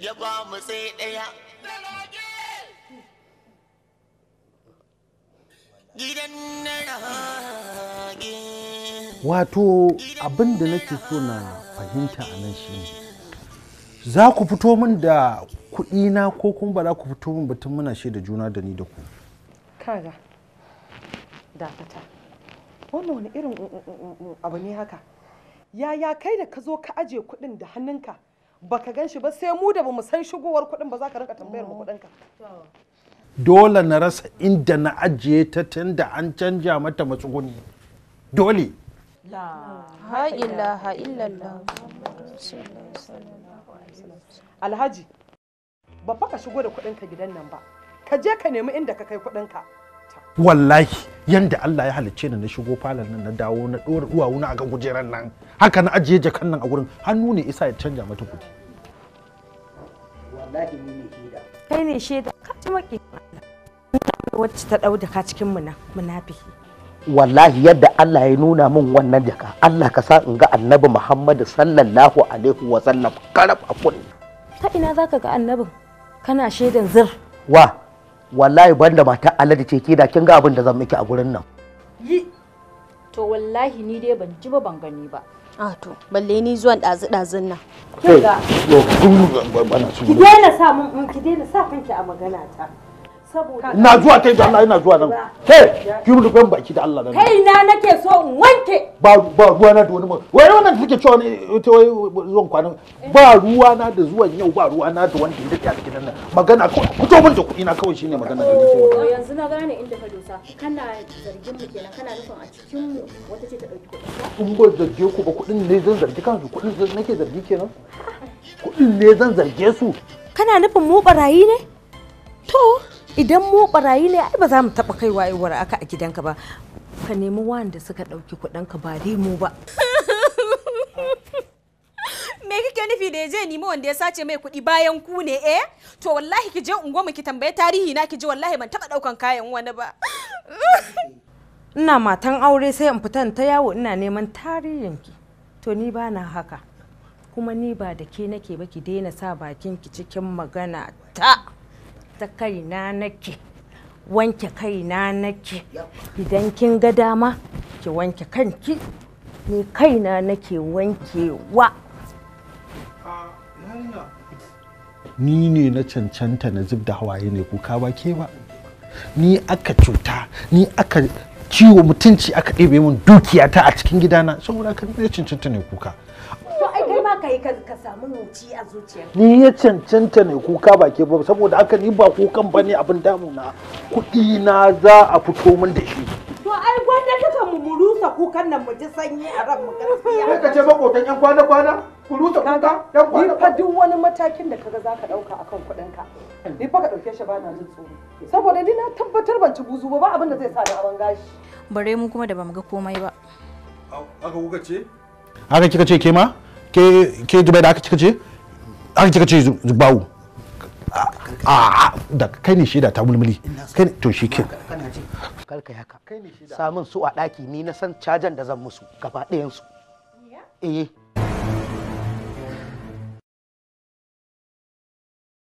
ya ba mu sai ɗaya wato abin da nake so na fahimta a nan shi za ku fito min da kuɗi na ko kuma ba za ku fito min batun muna shaida juna da ni da ku kaga dakata wannan wani irin mm, mm, mm, abu ne haka yaya kai da ka zo ka aje kuɗin da hannunka baka gan shi ba sai mu da bamu san shigowar kuɗin ba za ka rika tambayar mu kuɗin ka dole na rasa inda na ajiye ta tunda an canja mata matsuguni dole la illallah alhaji ba fa ka shigo da kuɗin ka gidan nan ba ka je ka nemi inda ka kai kuɗin ka wallahi yanda Allah ya halicce ni na shigo falon nan na dawo na ɗora wuna na akan gujeran nan haka na ajiye jakan nan a gurin hannu ne isa ya canja mata kuɗi wallahi ni ne shaida kai ne shaida ka ci maki wacce ta ɗau ka cikin muna munafi wallahi yadda Allah ya nuna min wannan jaka Allah ka sa in ga annabi Muhammadu sallallahu alaihi wa sallam karab a ta ina zaka ga annabin kana shaidan zir wa wallahi banda mata alade ce ke da kin ga abin da zan miki a gurin nan yi to wallahi ni dai ban ji ba ban gani ba ah to balle ni zuwan dazu dazun nan kin ga ki daina sa mun ki daina sa kanki a magana ta ina zuwa kai da Allah ina zuwa nan he ki mu rufe baki da Allah nan kai na nake so in wanke ba ba ruwa na da wani wai wannan kike cewa ne ta wai zuwan kwanan ba ruwa na da zuwan yau ba ruwa na da wanda yake a gidan nan magana ko ku to mun da kuɗi na kawai shine magana da nake yanzu na gane inda ka dosa kana zargin mu kenan kana nufin a cikin mu wata ce ta dauki kuɗi in ba zargi ku ba kuɗin ne zan zargi kansu kuɗin nake zargi kenan kuɗin ne zan zarge su kana nufin mu barayi ne to idan mu barayi ne ai ba za mu taɓa kaiwa wara aka a gidanka ba ka nemi wanda suka ɗauki kuɗinka ba dai mu ba me kike nufi da je nemi wanda ya sace mai kuɗi bayan ku ne eh to wallahi ki je unguwarmu ki tambaye tarihi na ki je wallahi ban taɓa ɗaukan kayan wani ba ina matan aure sai in fitan ta yawo ina neman tarihin ki. to ni ba na haka kuma ni ba da ke nake ba ki daina sa bakin ki cikin magana ta ta kaina nake wanke kaina nake idan kin ga dama ki wanke kanki ni kaina nake wankewa ni ne na cancanta na zub da hawaye ne kuka ba ke ba ni aka cuta ni aka ciwo mutunci aka ɗebe min dukiyata a cikin gidana saboda ka ne cancanta ne kuka ka yi ka samu muci a zuciyarka. Ni ya cancanta ne kuka baki ba saboda haka ni ba kukan ba ne abin damuna kuɗi na za a fito min da shi. To ai gwanda kaka mu rusa kukan nan mu ji sanyi a ran mu gaskiya. Kai ka ce makotan yan kwana kwana ku rusa kuka yan kwana. Ni fa duk wani matakin da kaga zaka dauka akan kuɗin ka. Ni fa ka dauke shi ba na jin tsoro. Saboda ni na tabbatar ban ci buzu ba ba abin da zai sa ni a gashi. Bare mu kuma da bamu ga komai ba. Haka kuka ce? Haka kika ce ke ma? ke ce aka ce zubawu a da kai ne shida ta mulmuli kai to shi ke samun su a daki ni na san cajan da zan musu gaba ɗayan su eh